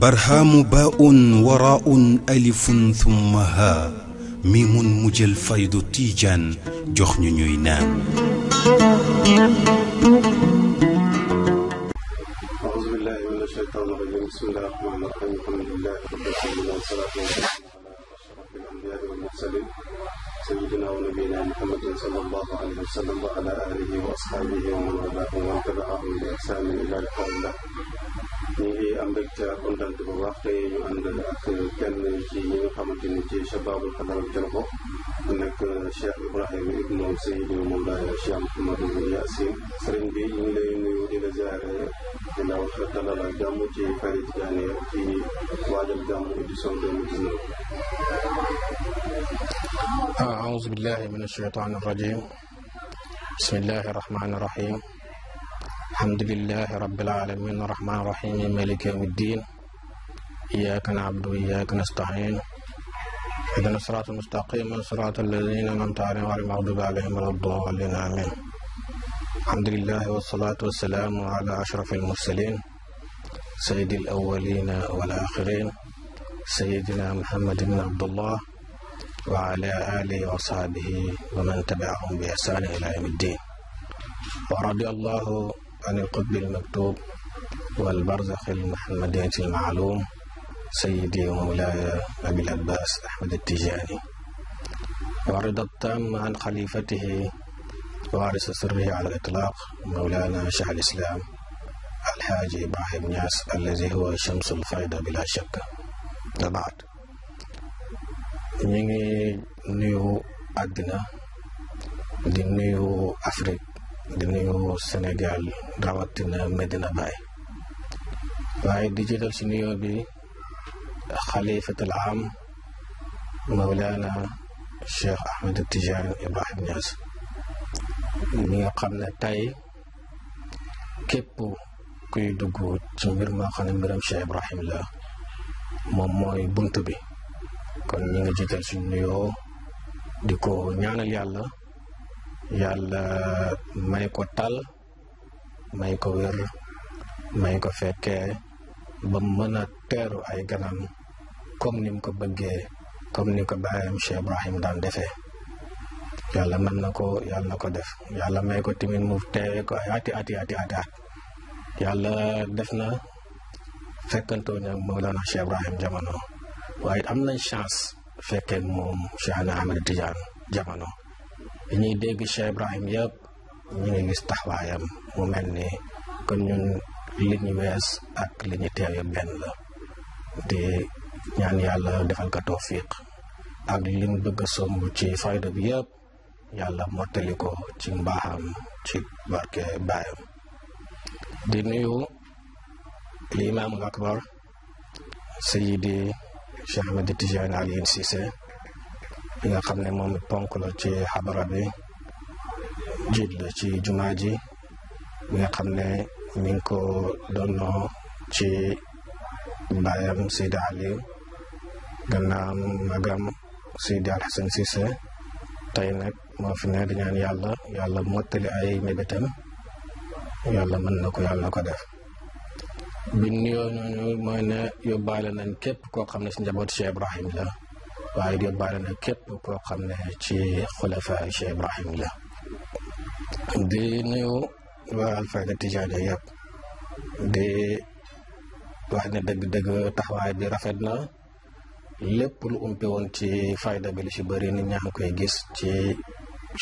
برهام باء وراء ألف ثم ها ميم مجلفيد تيجان جخن نينان أعوذ بالله من الشيطان الرجيم بسم الله الرحمن الرحيم الحمد لله رب العالمين والصلاة والسلام على أشرف الأنبياء والمرسلين سيدنا ونبينا محمد صلى الله عليه وسلم وعلى اله واصحابه ومن والاه ومن تبعهم باحسان الى لقاء الله. نيجي امبك كنتم تبغاكي عند الاخر كان نيجي محمد نيجي شباب القدر الجنبو انك الشيخ ابراهيم ابن سيد المولى الشيخ محمد بن ياسين سرين بي نيجي نيجي نزار زهر الى وفاه الله جامو تي فريد جاني في واجب جامو ادسون 2019 أعوذ بالله من الشيطان الرجيم بسم الله الرحمن الرحيم الحمد لله رب العالمين الرحمن الرحيم مالك يوم الدين إياك نعبد وإياك نستعين إذا الصراط المستقيم صراط الذين أنعمت عليهم غير المغضوب عليهم ولا الضالين آمين الحمد لله والصلاة والسلام على أشرف المرسلين سيد الأولين والآخرين سيدنا محمد بن عبد الله وعلى آله وصحبه ومن تبعهم بإحسان إلى يوم الدين ورضي الله عن القطب المكتوب والبرزخ المحمدية المعلوم سيدي ومولاي أبي العباس أحمد التجاني ورضا التام عن خليفته وارث سره على الإطلاق مولانا شيخ الإسلام الحاج إبراهيم ياس الذي هو شمس الفائدة بلا شك وبعد ñu ngi nuyu àddina di nuyu Afrique di nuyu Sénégal rawatina Medina Baye waaye di jiital si nuyoo bi xalifatul am Mawlana Cheikh Ahmed Tidiane Ibrahim Niass ñi nga xam ne tey képp kuy dugg ci mbir mbiram Cheikh Ibrahim la moom mooy bunt bi kon ñu ngi jiital suñu nuyoo di ko ñaanal yàlla yàlla may ko tal may ko wér may ko fekkee ba mën a teeru ay ganam comme ni mu ko bëggee comme ni ko baayam Cheikh Ibrahim daan defee yàlla mën na ko yàlla na ko def yàlla may ko tamit mu teewee ko ay ati ati ati ati at yàlla def na fekkantoo ne Mawlana Cheikh Ibrahim jamono waaye am nañ chance fekkee moom Cheikh Ahmed Tidiane jamono bi ñuy dégg Cheikh Ibrahim yëpp ñu ngi mu mel ni kon ñun li ñu wees ak li ñu teewe benn la di ñaan yàlla defal ko tawfiq ak li mu bëgg a somb ci fayda bi yëpp yàlla mottali ko ci mbaaxam ci barke baayam di nuyu limaamul akbar sayidi Cheikh Ahmed Tidiane Alioune Cissé bi nga xam ne moom ponk la ci xadara bi jiit la ci jumaa ji bi nga xam ne mi ngi ko donnoo ci baayam Seydi Ali gannaam magam Seydi Al Hassan Cissé tey nag moo fi ne di ñaan yàlla yàlla mottali ay mébétam yàlla mën na ko yàlla na ko def biñ nuyoo noonu mooy ne yóbbaale nañ képp koo xam ne si njaboot Cheikh Ibrahim la waaye yóbbaale na képp koo xam ne ci xulafa Cheikh Ibrahim la di nuyu waa Alfayda Tijaaniya yëpp di wax ne dëgg-dëgg taxawaay bi rafet na lépp lu umpe woon ci fayda bi lu ci bëri nit ñaa ngi koy gis ci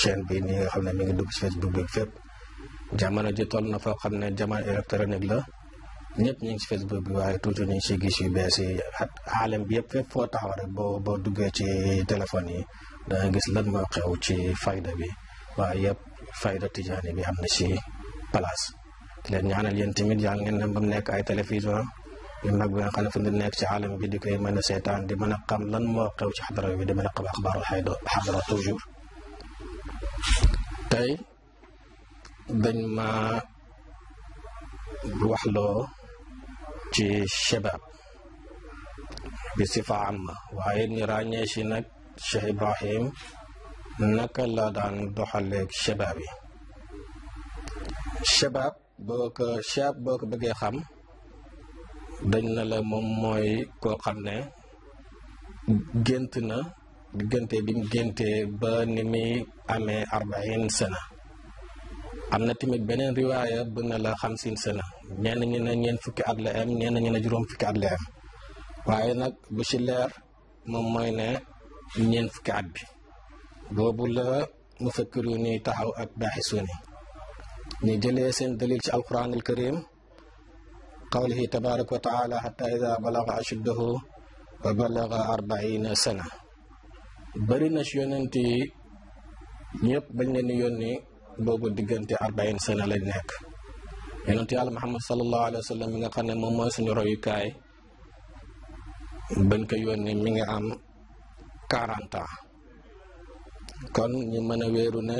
chaîne bi ni nga xam ne mi ngi dugg ci Facebook bi fépp jamono ji toll na foo xam ne jamono électronique la ñëpp ñu ngi si Facebook bi waaye toujours ñu ngi si gis yu bees yi ak bi yëpp fépp foo taxaw boo boo duggee ci téléphone yi danga gis lan moo xew ci fayda bi waaye yëpp fayda tijaani bi am na ci place di leen ñaanal yéen tamit yàlla ngeen dem ba mu nekk ay télévision yu mag bi nekk ci xaalam bi di koy mën a seetaan di mën a xam lan moo xew ci xadara bi di mën a xam axbaarul xayda xadara toujours tey dañ ci shabaab bi sifa amma waaye ni ràññee si nag Cheikh Ibrahim naka la daan doxaleeg shabaab yi shabaab boo ko shabaab boo ko bëggee xam dañ na la moom mooy koo xam ne gént na diggante bi mu géntee ba ni muy amee arbain amna na tamit beneen riwaaya bu la 50 sana ñen ñi na ñeent fukki at la am ñen ñi na juróom fukki at la am waye nak bu ci leer mom moy ne ñeent fukki at bi bobu la mufakkiru ni taxaw ak bahisuni ni jele sen dalil ci alquran alkarim qawlihi tabaarak wa taala hatta idha balagha ashdahu wa balagha 40 sana bari na ci yonenti ñëpp bañ leen di yónni boobu diggante arbaïn sana lañ nekk yonent yàlla muhammad sallallahu alayhi wa sallam nga xam ne moom mooy suñu royukaay bañ ko yónnee mi ngi am quarante kon ñu mën a wéeru ne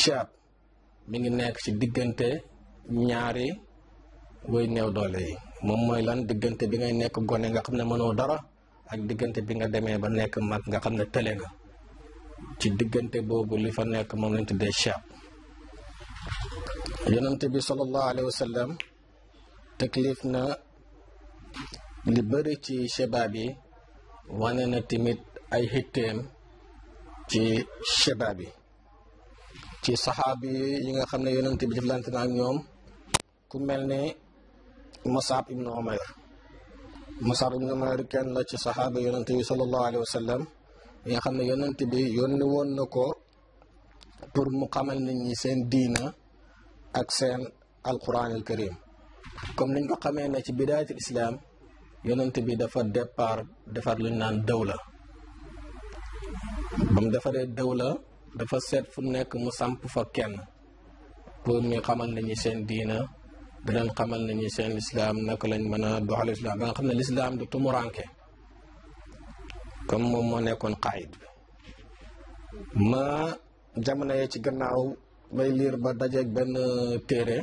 chab mi ngi nekk ci diggante ñaari way new doole yi moom mooy lan diggante bi ngay nekk gone nga xam ne mënoo dara ak diggante bi nga demee ba nekk mag nga xam ne tële nga ci diggante boobu li fa nekk moom lañ tuddee chaab yonante bi sallallahu alayhi wa sallam na li bari ci shabaab yi wane na tamit ay xitteem ci shabaab yi ci saxaabi yi nga xam ne yonante bi jëflante na ak ñoom ku mel ni Musab ibnu Umayr Musab ibnu Umayr kenn la ci saxaaba yonante bi sallallahu alayhi wa yi xam ne yonent bi yónni woon na ko pour mu xamal nit ñi seen diina ak seen alquran al karim comme niñ ko xamee na ci bidaayatul islaam yonent bi dafa départ defar lu ñu naan dawla ba mu defaree dawla dafa seet fu nekk mu samp fa kenn pour ñu xamal nañu seen diina di leen xamal nit ñi seen lislaam naka lañ mën a doxal islaam ba xam ne lislaam du tumuranke comme moom moo nekkoon xaayit ma jamono yi ci gannaaw may liir ba dajeeg benn téere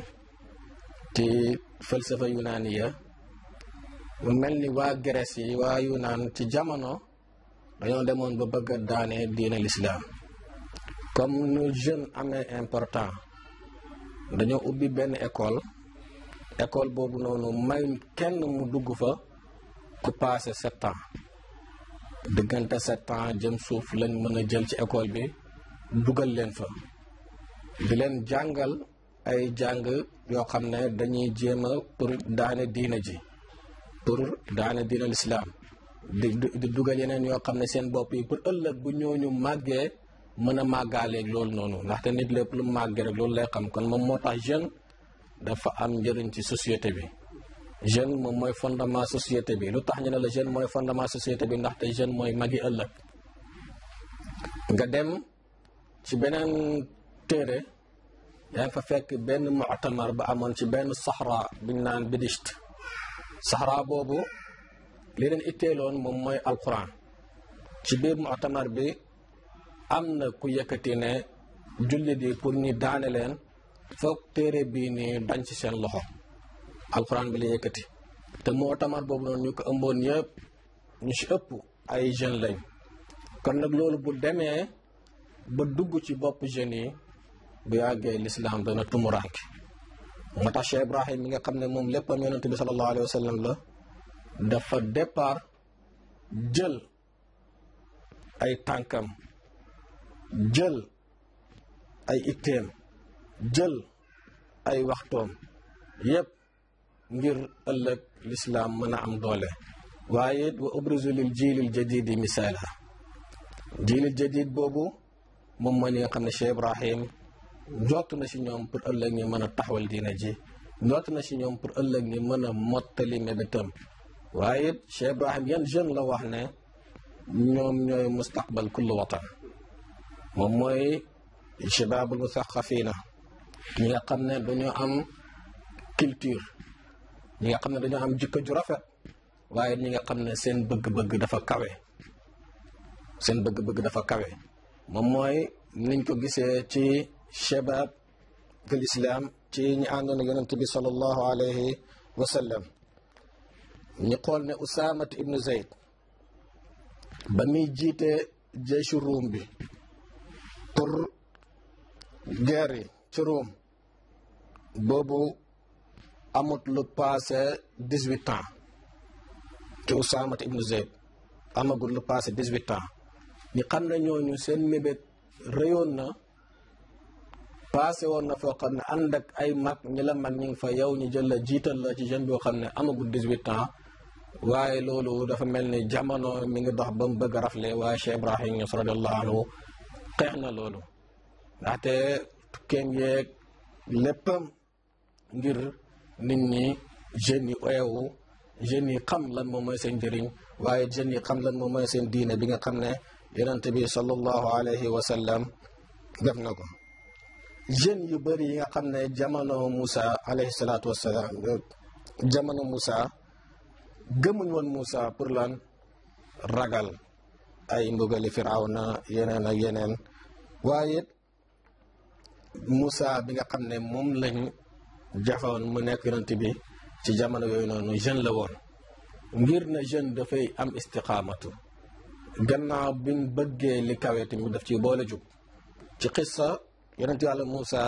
ci falsafa yunaaniya mu mel wa waa Grèce yi waa Yunaan ci jamono dañoo demoon ba bëgg a daane diine lislaam comme nu jeune amee important dañoo ubbi benn école école boobu noonu may kenn mu dugg fa ku passé sept ans diggante sept ans jëm suuf lañ mën a jël ci école bi dugal leen fa di leen jàngal ay jàng yoo xam ne dañuy jéem a pour daane diina ji pour daane diina lislaam di di dugal yeneen yoo xam ne seen bopp yi pour ëllëg bu ñu màggee mën a màggaaleeg loolu noonu ndaxte nit lépp lu màggee rek loolu lay xam kon moom moo tax jeune dafa am njëriñ ci société bi jeune moom mooy fondement société bi lu tax ñu ne la jeune mooy fondement société bi ndaxte jeune mooy magi ëllëg nga dem ci beneen téere yaa ngi fa fekk benn muctamar ba amoon ci benn saxra bi ñu naan bidist saxra boobu li leen itteeloon moom mooy alquran ci biir muctamar bi am na ku yëkkati ne jullit di pour ñu daane leen foog téere bi nii dañ ci seen loxo alxuraan bi la yëkkati te moo tamaat boobu noonu ñu ko ëmboon yëpp ñu ci ëpp ay jeunes lañ kon nag loolu bu demee ba dugg ci bopp jeunes yi bu yàggee lislaam dana tumuraanke moo tax Cheikh Ibrahim mi nga xam ne moom léppam yonent bi sallallahu alayhi wa sallam la dafa départ jël ay tànkam jël ay itteem jël ay waxtoom yépp ngir ëllëg lislaam mën a am doole waaye it wa ubrisu lil jiilil jadidi misaala jiilil jadid boobu moom mooy li nga xam ne Cheikh Ibrahim jott na si ñoom pour ëllëg ñi mën a taxawal diina ji jott na si ñoom pour ëllëg ñi mën a mottali mébétam waaye Cheikh Ibrahim yan jeune la wax ne ñoom ñooy mustaqbal kulli watan moom mooy shababul musaxafiina ñi nga xam ne dañoo am culture ñi nga xam ne dañoo am jikko ju waaye ñi nga xam ne seen bëgg-bëgg dafa kawe seen bëgg-bëgg dafa kawe moom mooy niñ ko gisee ci shabab al islam ci ñi àndoon ak yonent bi sallallahu alayhi wa sallam ñu xool ne usamat ibnu zayd ba muy jiite jeeshu ruum bi pour guerre yi ci ruum boobu amut lu passé dix huit ans ci Usaamata ibnu Zeyd amagul lu passé dix huit ans ñi xam ne ñooñu seen mébét réyoon na passé woon na foo xam ne ànd ak ay mag ñi la mag ñu ngi fa yow ñu jël la jiital la ci jeune boo xam ne amagul dix huit ans waaye loolu dafa mel ni jamono mi ngi dox ba mu bëgg a rafle waaye Cheikh Ibrahim Niass radiallahu anhu xeex na loolu ndaxte tukkeem yeeg léppam ngir nit ñi jeunes yi oyewu jeunes yi xam lan moom mooy seen njëriñ waaye jeunes yi xam lan moom mooy seen diine bi nga xam ne yonent bi sallallahu alayhi wa sallam def na ko jeunes yu bëri yi nga xam ne jamono Moussa alayhi salaatu wasalaam jamono Moussa gëmuñ woon Moussa pour lan ragal ay mbugali firawna yeneen ak yeneen waaye Moussa bi nga xam ne moom lañ jafawoon mu nekk yonent bi ci jamono yooyu noonu jeune la woon ngir na jeune dafay am istiqaamatu gannaaw biñ bëggee li kawe tamit daf ci boole jub ci xissa yonent yàlla Moussa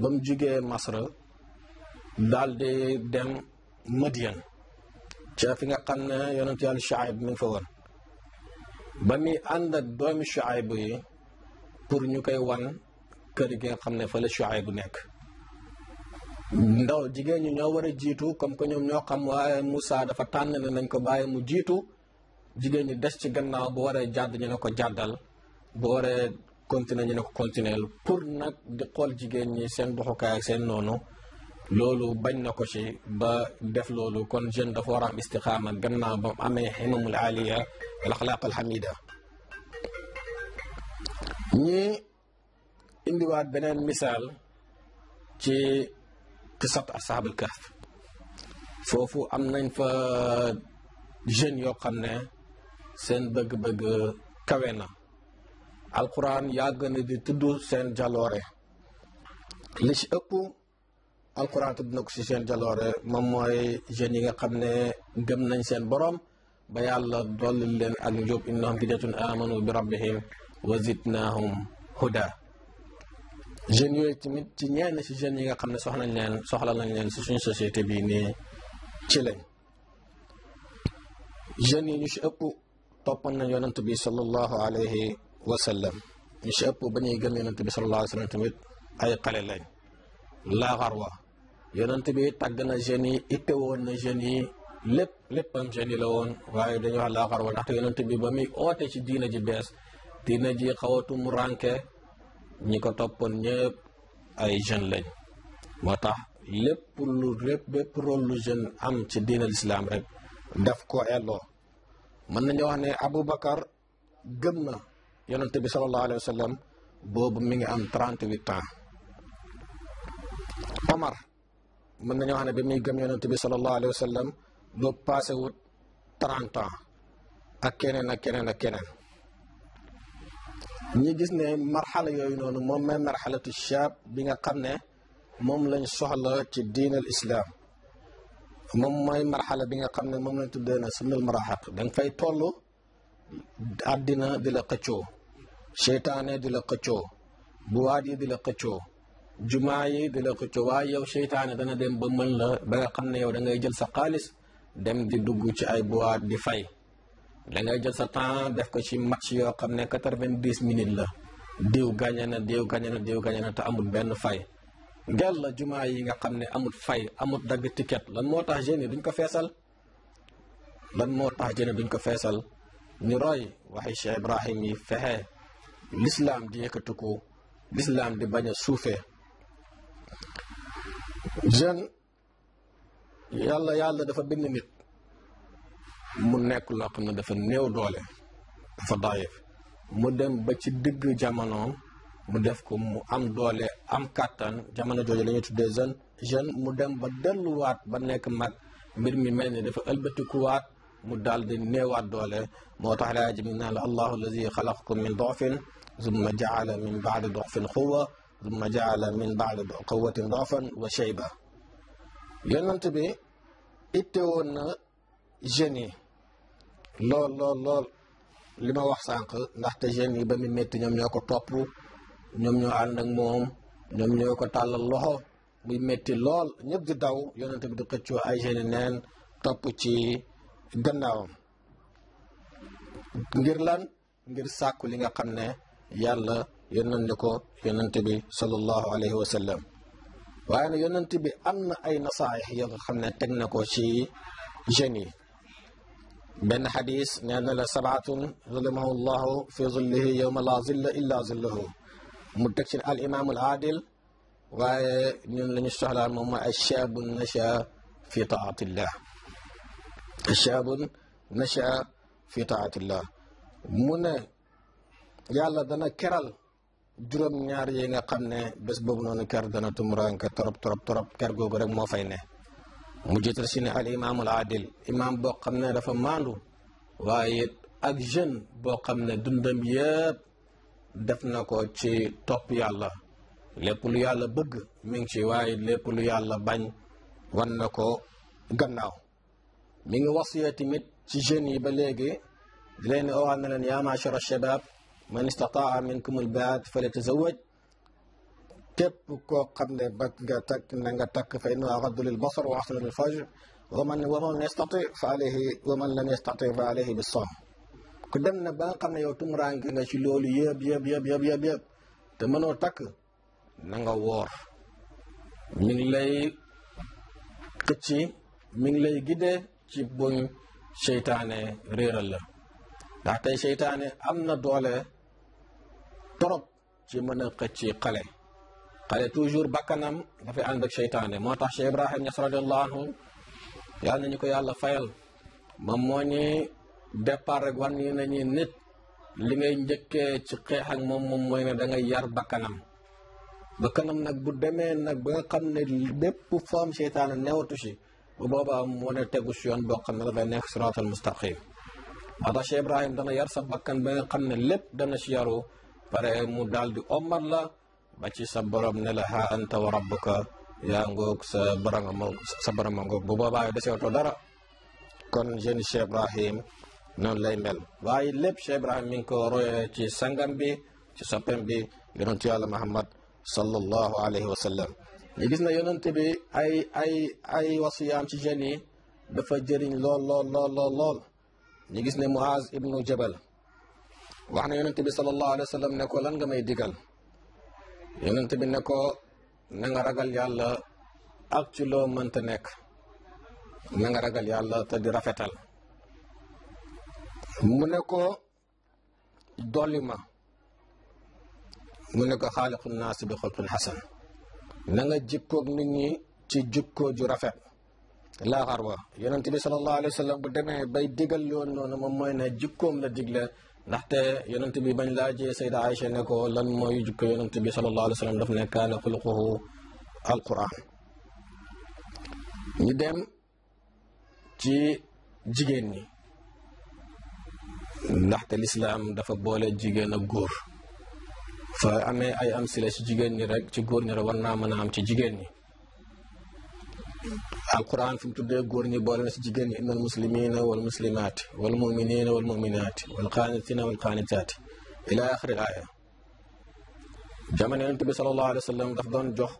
ba mu jugee Masra daal di dem Madian ci fi nga xam ne yonent yàlla Shuayb mi ngi fa woon ba muy ànd doomi Shuayb yi pour ñu koy wan kër gi nga xam ne fa la Shuayb nekk Mm-hmm. ndaw jigéen ñi ñoo war a jiitu comme que ñoom ñoo xam waaye Moussa dafa tànn ne nañ ko bàyyi mu jiitu jigéen ñi des ci gannaaw bu waree jàdd ñu ne ko jàddal bu waree continuer ñu ne ko continuer pour nag di jigéen ñi seen doxukaay seen noonu loolu bañ na ko ci ba def loolu kon jeune dafa war a am istixaama gannaaw ba mu amee himamul aliya al axlaaq al hamida ñi indiwaat beneen misaal ci قصة أصحاب الكهف فوفو أمنين فا جن يو قمنا سن بغ بغ كوينة القرآن ياغن دي تدو سن جالوري لش أكو القرآن تدنك سي سن جالوري مموي جن يغا قمنا غم سن بروم بيا الله دول لين أنجوب إنهم كدتون آمنوا بربهم وزدناهم هدى jeunes yooyu tamit ci ñenn si jeunes yi nga xam ne soxla nañ leen soxla nañ leen si suñu société bii nii ci lañ jeunes yi ñu si ëpp toppoon na yonent bi sallallahu alayhi wa sallam ñu si ëpp ba ñuy gëm yonent bi sallallahu alayhi wa sallam tamit ay xale lañ laa xarwa yonent bi tàgg na jeunes yi itte woon na jeunes yi lépp léppam jeunes yi la woon waaye dañuy wax laa xarwa ndaxte yonent bi ba muy oote ci diina ji bees diina ji xawatum ranke ñi ko toppoon ñëpp ay jeunes lañ moo tax lépp lu lépp bépp rôle lu jeune am ci diinal islam rek daf ko elloo mën nañu wax ne Aboubacar gëm na yonente bi sallallahu alayhi wa boobu mi ngi am trente huit ans Omar mën nañu wax ne bi muy gëm yonente bi sallallahu alayhi wa sallam boobu passé wut trente ans ak keneen ak keneen ak keneen ñi gis ne marxala yooyu noonu moom mooy marxalatu shaab bi nga xam ne moom lañ soxla ci diin al islaam moom mooy marxala bi nga xam ne moom lañ tuddee na sunnal maraxaq da fay toll àddina di la xëccoo seytaane di la xëccoo buwaat yi di la xëccoo jumaa yi di la xëccoo waaye yow seytaane dana dem ba mën la ba nga xam ne yow da ngay jël sa xaalis dem di dugg ci ay buwaat di fay da ngay jël sa temps def ko ci match yoo xam ne quatre-vingt-dix minutes la diw gagné na diw gagné na diw gagné na te amul benn fay gel la jumaa yi nga xam ne amul fay amul dagg ticket lan moo tax jeunes yi duñ ko feesal lan moo tax jeunes ko feesal ñu roy waxi Cheikh Ibrahim yi fexe lislaam di yëkkatiku l'islam di bañ a suufee jeune yàlla yàlla dafa bind nit mu nekk loo xam ne dafa néew doole dafa daayif mu dem ba ci digg jamono mu def ko mu am doole am kàttan jamono jooju la ñuy tuddee jeune jeune mu dem ba delluwaat ba nekk mag mbir mi mel ni dafa ëlbatikuwaat mu daal di néewaat doole moo tax laa ji mi naan la allahu allazi xalaqakum min dofin summa jaala min baadi dofin quwa summa jaala min baadi quwatin dofan wa shayba yonent bi ittewoon na jeunes yi lool lool li ma wax sànq ndaxte jeunes yi ba mu métti ñoom ñoo ko topp ñoom ñoo ànd ak moom ñoom ñoo ko tàllal loxo muy metti lool ñëpp di daw yonente bi di xëccoo ay jeunes neen topp ci gannaawam ngir lan ngir sàkku li nga xam ne yàlla yónnan ni ko yonente bi sallallahu alayhi wa sallam waaye nag yonente bi am na ay nasaayax yoo nga xam ne teg na ko ci jeunes yi benn xadis nee na la sabaatun zalamahu llahu fi zillihi yowma la zilla illa zillahu mu teg ci al imaam al aadil waaye ñun la ñu soxlaa moom mooy ashabun nasha fi taatillah ashabun nasha fi taatillah mu ne yàlla dana keral juróom-ñaar yi nga xam ne bés boobu noonu ker dana tumuraanke torop torop torop ker googu rek moo fay ne mu jiital si ne al imaamul adil boo xam ne dafa maandu waaye ak jeune boo xam ne dundam yëpp def na ko ci top yàlla lépp lu yàlla bëgg mi ngi ci waaye lépp lu yàlla bañ wan na ko gannaaw mi ngi wasiya ci jeunes yi ba léegi di leen owaat na leen yaa maachara shabab man istataa minkum al baat fale tazawaj كيف كيب كو قمنا بات غاتك نغاتك فانه اغض للبصر واحسن للفجر ومن ومن يستطيع فعليه ومن لم يستطيع فعليه بالصوم قدمنا باقا يوتم رانك نشي لولو يب يب يب يب يب يب تمنو تك نغا وور من لي كتشي من لي جدي تشي بون شيطان رير الله داكتي شيطان امنا دوله تروب تشي من قتشي قلي xale toujours bakkanam dafay ànd ak seytaane moo tax Cheikh Ibrahim Niass radiallahu anhu yàlla nañu ko yàlla fayal moom moo ñi départ rek wan ni nañu nit li ngay njëkkee ci xeex ak moom moom mooy ne da ngay yar bakkanam bakkanam nag bu demee nag ba nga xam ne bépp forme seytaane newatu si bu boobaa moo ne tegu si yoon boo xam ne dafay nekk siraatal mustaqim moo tax Cheikh Ibrahim sa bakkan ba nga xam ne lépp dana si yaru mu daal di la ba ci sa borom ne la xaa anta wa rabbuka yaa ngoog sa barama sa barama ngoog bu boobaa deseetoo dara kon jeune Cheikh Ibrahim noonu lay mel waaye lépp Cheikh Ibrahim mi ngi ko royee ci sangam bi ci soppem bi yonentu yàlla Muhammad sallallahu alayhi wa sallam ñu gis na yonent bi ay ay ay wasiyaam ci jeunes yi dafa jëriñ lool lool lool lool lool ñu gis ne Muaz ibnu Jabal wax na yonent bi sallallahu alayhi wa ne ko lan nga may digal yonent bi ne ko na nga ragal yàlla ak ci loo mënta nekk na nga ragal yàlla te di rafetal mu ne ko dolli ma mu ne ko xaaliqu naasi bi xulqin xasan na nga jikkoog ñi ci jikkoo ju rafet laa xar wa yonent bi sallallahu alayhi wa sallam bu demee bay digal yoon noonu moom mooy na jikkoom la digle ndaxte yonent bi bañ laajee sayda Aïcha ne ko lan mooy jukko yonent bi sallallahu alayhi wa sallam daf ne kaana xuluquhu alquran ñu dem ci jigéen ñi ndaxte lislaam dafa boole jigéen ak góor fa amee ay am sile ci jigéen ñi rek ci góor ñi rek war naa mën a am ci jigéen ñi alquran fi mu tuddee góor ñi boole na si jigéen ñi innal muslimina wal muslimaati wal muminina wal muminaati wal qaanitina wal qaanitaati ila axiril aaya jamono yonent bi sallallahu alayhi wa sallam daf doon jox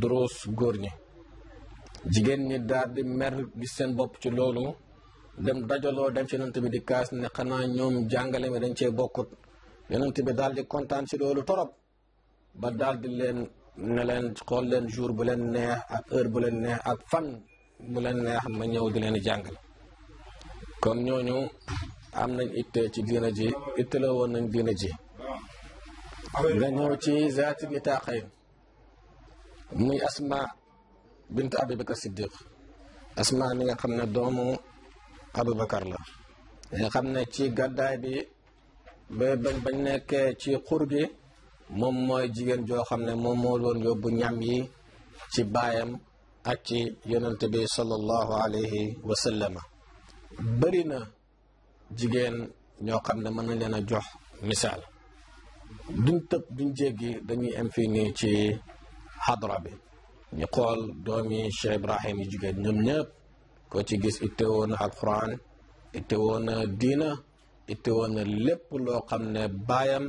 duruus góor ñi jigéen ñi daal di mer di seen bopp ci loolu dem dajaloo dem ci yonent bi di kaas ne xanaa ñoom jàngale mi dañ cee bokkut yonent bi daal di kontaan ci loolu torop ba daal di leen ne leen xool leen jour bu leen neex ak heure bu leen neex ak fan bu leen neex ma ñëw di leen jàngal kon ñooñu am nañ itte ci diina ji itte la woon nañ diina ji nga ñëw ci zaati bi taaxay muy asma bint abubakar siddiq asma mi nga xam ne doomu abu abubakar la nga xam ne ci gàddaay bi ba bañ bañ nekkee ci xur moom mooy jigéen joo xam ne moom moo doon yóbbu ñam yi ci baayam ak ci yonent bi sallallahu alayhi wa sallama bëri na jigéen ñoo xam ne mën nañ leen a jox misaal duñ tëb duñ jéggi dañuy am ci xadra bi ñu xool doomi Cheikh Ibrahim yi jigéen ñoom ñëpp ko ci gis ittewoon na alquran ittewoon na diina ittewoon na lépp loo xam ne baayam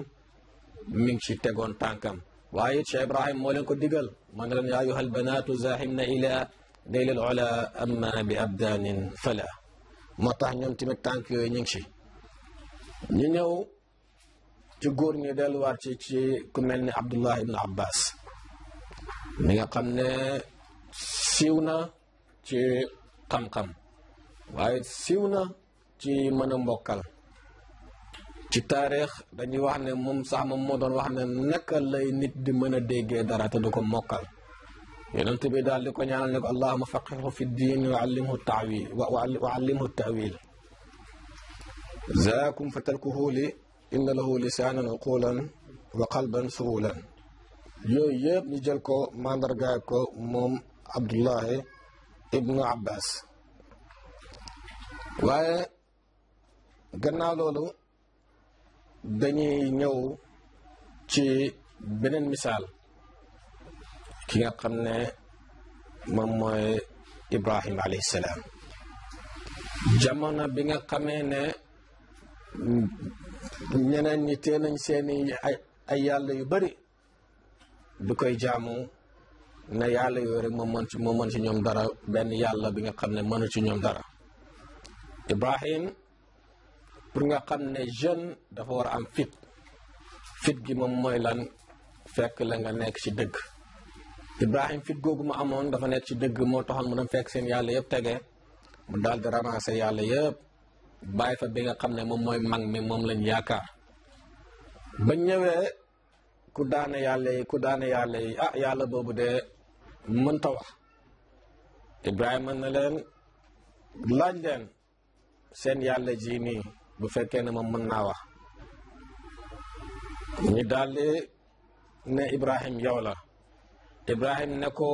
mi ngi ci tegoon tànkam waaye it Cheikh Ibrahim moo leen ko digal man leen yaa ayuha albanaatu zahimna ila dayl leen ula amma bi abdanin fala moo tax ñoom tamit tànk yooyu ñu ngi ci ñu ñëw ci góor ñi delluwaat ci ci ku mel ni Abdullah ibn Abbas mi nga xam ne siiw na ci xam-xam waaye siiw na ci mën a ci taarix dañuy wax ne moom sax moom moo doon wax ne naka lay nit di mën a dara te du ko mokkal yonent bi daal di ko ñaanal ne ko allahuma faqihu fi diin wa allimhu wa allimhu taawil zaakum fa tarkuhu li inna lahu lisaanan uqulan wa qalban suhulan yooyu yëpp ñu jël ko mandargaay ko moom abdullahi ibnu abbas waaye gannaaw dañuy ñëw ci beneen misaal ki nga xam ne moom mooy Ibrahim alayhi salaam jamono bi nga xamee ne ñeneen ñi tee nañ seeni ay ay yu bari bu koy jaamu ne yàlla yooyu rek moo mën ci ñoom dara benn yàlla bi nga xam ne moon ci ñoom dara Ibrahim pour nga xam ne jeune dafa war a am fit fit gi moom mooy lan fekk la nga nekk ci dëgg Ibrahim fit googu ma amoon dafa nekk ci dëgg moo taxoon mu dem fekk seen yàlla yëpp tege mu daal di ramasser yàlla yëpp bàyyi fa bi nga xam ne moom mooy mag mi moom lañ yaakaar ba ñëwee ku daane yàlla yi ku daane yàlla yi ah yàlla boobu de mënta wax Ibrahima na leen laaj leen seen yàlla ji nii bu fekkee ne moom mën naa wax ñu daldi ne Ibrahim yow la Ibrahim ne ko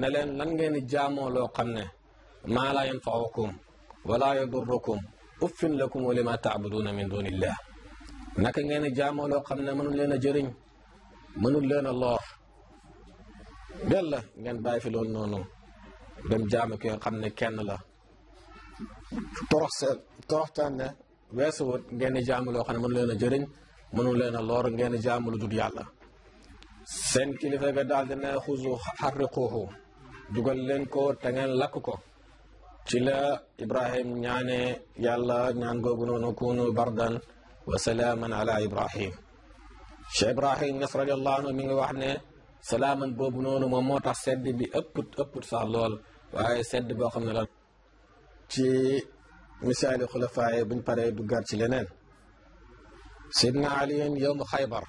ne leen lan ngeen di jaamoo loo xam ne maa laa yanfaukum wala yadurrukum uffin lakum wa lima taabuduuna min dunillah naka ngeen di jaamoo loo xam ne mënul leen a jëriñ mënul leen a loor yàlla ngeen bàyyi fi loolu noonu dem jaamu ki xam ne kenn la torox seen ne weesuwut ngeen di jaamu loo xam ne mënu leen a jëriñ mënu leen loor ngeen di jaamu lu dul kilifa ga daal dina xuzu xarriquuhu dugal leen ko te ngeen lakk ko ci la ibrahim ñaane yàlla ñaan googu noonu kunu bardan wa salaaman ala ibrahim ibrahim nas radiallahu anhu mi ngi wax ne salaaman boobu noonu moom moo tax sedd bi ëpp ëpp sax lool waaye sedd boo xam ne la مسائل خلفاء بن باري دوغار سي لنين سيدنا علي يوم خيبر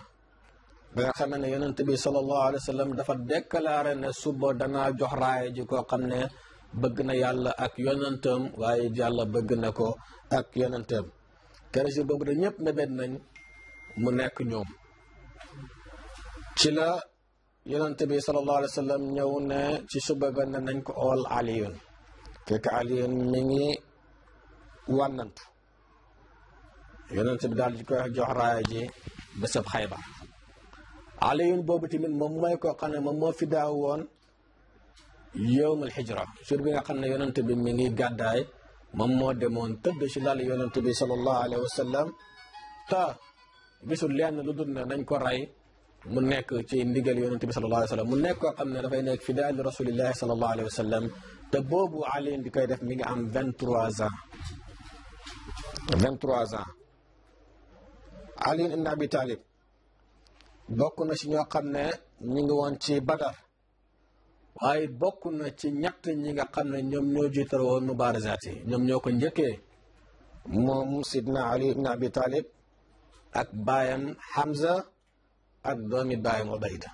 بغا خمنا صلى الله عليه وسلم دا فا ديكلار ان سوبو دا نا جوخ راي جيكو خمنا بغنا واي يالا بغناكو اك كرش بوبو دا نيب نبن نان مو نيك صلى الله عليه وسلم نيو نه تي سوبو اول علي فك علي wànnantu yonent bi daal di koy jox raaya ji bésëb xayba aliyun boobu tamit moom mooy koo xam ne moom moo fi daaw woon yowmal xijra suur bi na xam ne yonent bi mi ngi gàddaay moom moo demoon tëdd ci lal yonent bi sallallahu alayhi wa sallam te gisul lenn lu dul na nañ ko rey mu nekk ci ndigal yonent bi sallallahu alayhi wa sallam mu nekk koo xam ne dafay nekk fidaa li rasulillahi sallallahu alayhi wa sallam te boobu aliyin di koy def mi ngi am vingt-trois ans 23 ans Ali ibn Abi Talib bokk na ci ñoo xam ne ñu ngi woon ci Badar waaye bokk na ci ñett ñi nga xam ne ñoom ñoo jiital woon mubaarazaat yi ñoom ñoo ko njëkkee moom sidna Ali ibn Abi Talib ak baayam Hamza ak doomi baayam Ubayda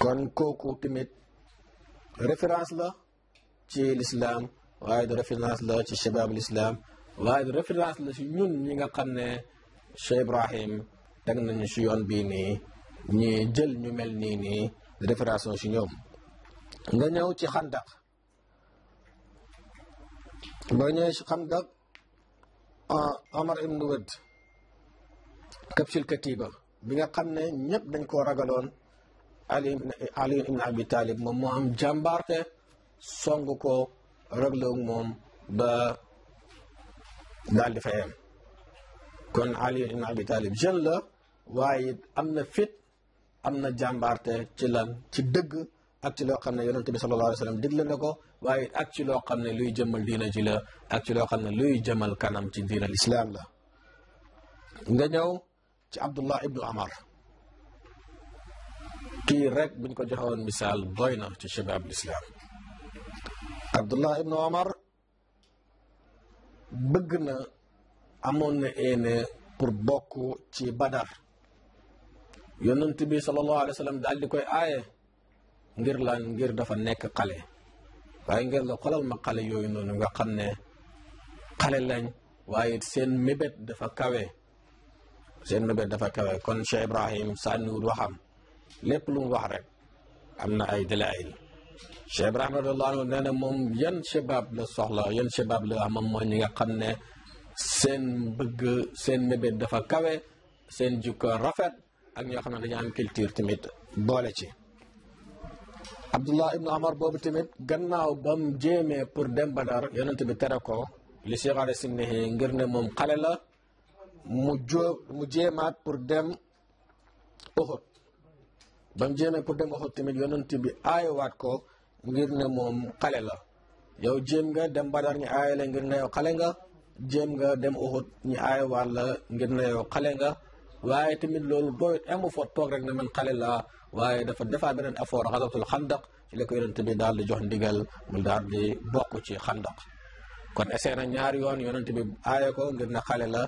kon kooku tamit référence la ci l'islam waaye du référence la ci shabab l'islam waaye référence la si ñun ñi nga xam ne Cheikh Ibrahim teg nañu si yoon bii nii ñi jël ñu mel nii nii référence si ñoom nga ñëw ci xandak ba ñëwee si xandak ah, Omar ibn Wed kapsil katiba bi nga xam ne ñëpp dañ koo ragaloon Ali Ali Abi Talib moom moo am jàmbaarte song ko ragloo moom ba daal di fay kon Ali ibn Abi Talib jeune la waaye it am na fit am na jàmbaarte ci lan ci dëgg ak ci loo xam ne yonente bi sallallahu alayhi wa sallam digle na ko waaye ak ci loo xam ne luy jëmal diina ji la ak ci loo xam ne luy jëmal kanam ci diina lislaam la nga ñëw ci Abdullah ibnu Amar kii rek buñ ko joxewoon misaal doy na ci shabaab lislaam Abdullah ibnu Amar bëgg na amoon na yéene pour bokk ci badar yonent bi sallallahu alayhi wa koy aaye ngir lan ngir dafa nekk xale waaye ngir la xolal ma xale yooyu noonu nga xam ne xale lañ waaye seen mébét dafa kawe seen mébét dafa kawe kon Cheikh Ibrahim sànniwut waxam lépp lum mu am na ay dalail Cheikh Ibrahima radiyallahu anhu nee na moom yan shabab la soxla yan shabab la wax mooy ñi nga xam ne seen bëgg seen dafa kawe seen jikko rafet ak ñoo xam ne dañu am culture tamit boole ci Abdullah ibnu Amar boobu tamit gannaaw ba mu jéemee pour dem Badar yonent bi tere ko li Cheikh Ada Sinnihi ngir ne moom xale la mu jóob pour dem Uhud ba mu jéemee pour dem Uhud tamit yonent bi waat ko ngir ne moom xale la yow jéem nga dem Badar ñu aaye la ngir ne yow xale nga jéem nga dem Uhud ñu aayewaat la ngir ne xale nga waaye tamit loolu doyut amu fa toog rek ne man xale la waaye dafa defaat beneen effort xasatul xandaq ci la ko yonent daal di jox ndigal mu daal di bokk ci xandaq kon essayé na ñaari yoon yonent bi aaye ko ngir ne xale la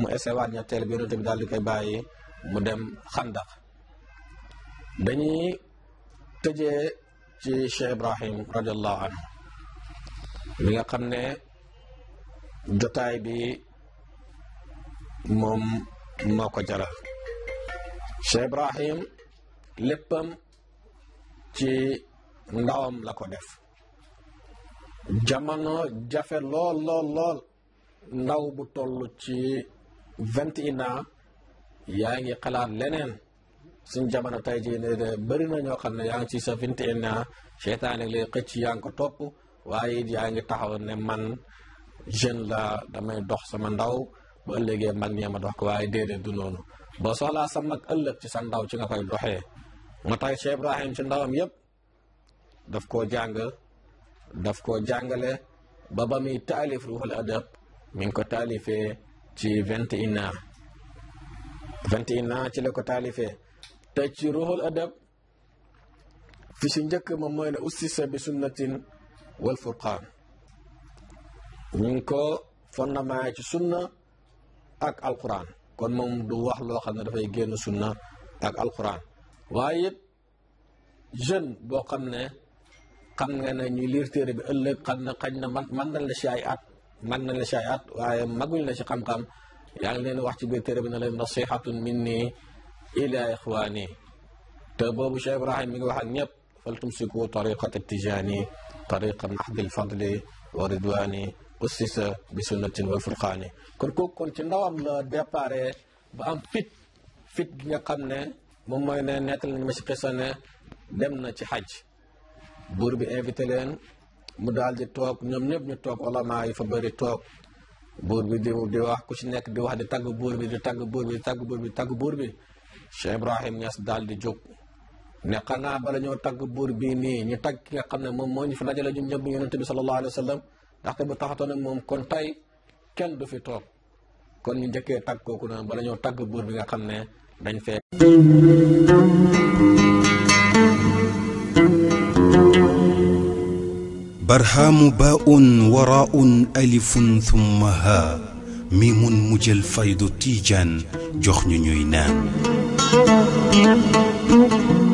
mu essayé waat ñetteel bi yonent bi daal di koy bàyyi mu dem xandaq dañuy tëjee ci cheikh ibrahim radiallahu anhu mi nga xam ne jotaay bi moom moo ko jaral cheikh ibrahim léppam ci ndawam la ko def jamono jafe lool lool lool ndaw bu toll ci vingt un ans yaa ngi xalaat leneen suñ jamono tey ji ne bëri na ñoo xam ne yaa ngi ci sa vingt et un ans seytaane yaa ngi ko topp waaye it yaa ngi taxaw ne man jeune la damay dox sama ndaw ba ëllëgee mag ñee ma dox ko waaye déedéet du noonu boo soxlaa sa mag ëllëg ci sa ndaw ci nga koy doxee moo tax Cheikh Ibrahim ci ndawam yépp daf koo jàng daf koo jàngale ba ba muy taalif ruuxul adab mi ngi ko taalifee ci vingt et un ans ci la ko taalifee tey ci ruuxul adab fi si njëkk moom mooy ne ussisa bi sunnatin wal furqaan ñu ngi ko fondement ci sunna ak alquran kon moom du wax loo xam ne dafay génn sunna ak alquran waaye it jeune boo xam ne xam nga ne ñu liir téere bi ëllëg xam ne xañ na man man nañ la si ay at man na la si ay at waaye maguñ la ci xam-xam yaa ngi leen wax ci biir téere bi ne leen nasihatun minni إلى إخوانه تبو طيب، أبو شايب راح يقول حق نيب فلتمسكوا طريقة التجاني طريقة محض الفضل ورضواني أسس بسنة وفرقاني كركو كنت نوام لديباري بأم فت فت نقمنا مما ينتل نمشقسنا دمنا تحج بوربي أفتلين مدال دي توك نيب نيب نيب توك والله ما يفبري توك بوربي دي واح كوش نيك دي واح دي تاق بوربي دي تاق بوربي دي تاق بوربي دي تاق بوربي, دي Cheikh Ibrahim Niass daal di jóg ne xanaa bala ñoo tagg buur bii nii ñu tagg ki nga xam ne moom moo ñu fi dajale ñun ñëpp yonente bi sallallahu alayhi wa sallam ndaxte bu taxatoona moom kon tay kenn du fi toog kon ñu njëkkee tagg kooku na bala ñoo tagg buur bi nga xam ne dañ fee barhamu baun waraun alifun thumma ha mimun mujjal faydu tiijaan jox ñu ñuy naan Thank you.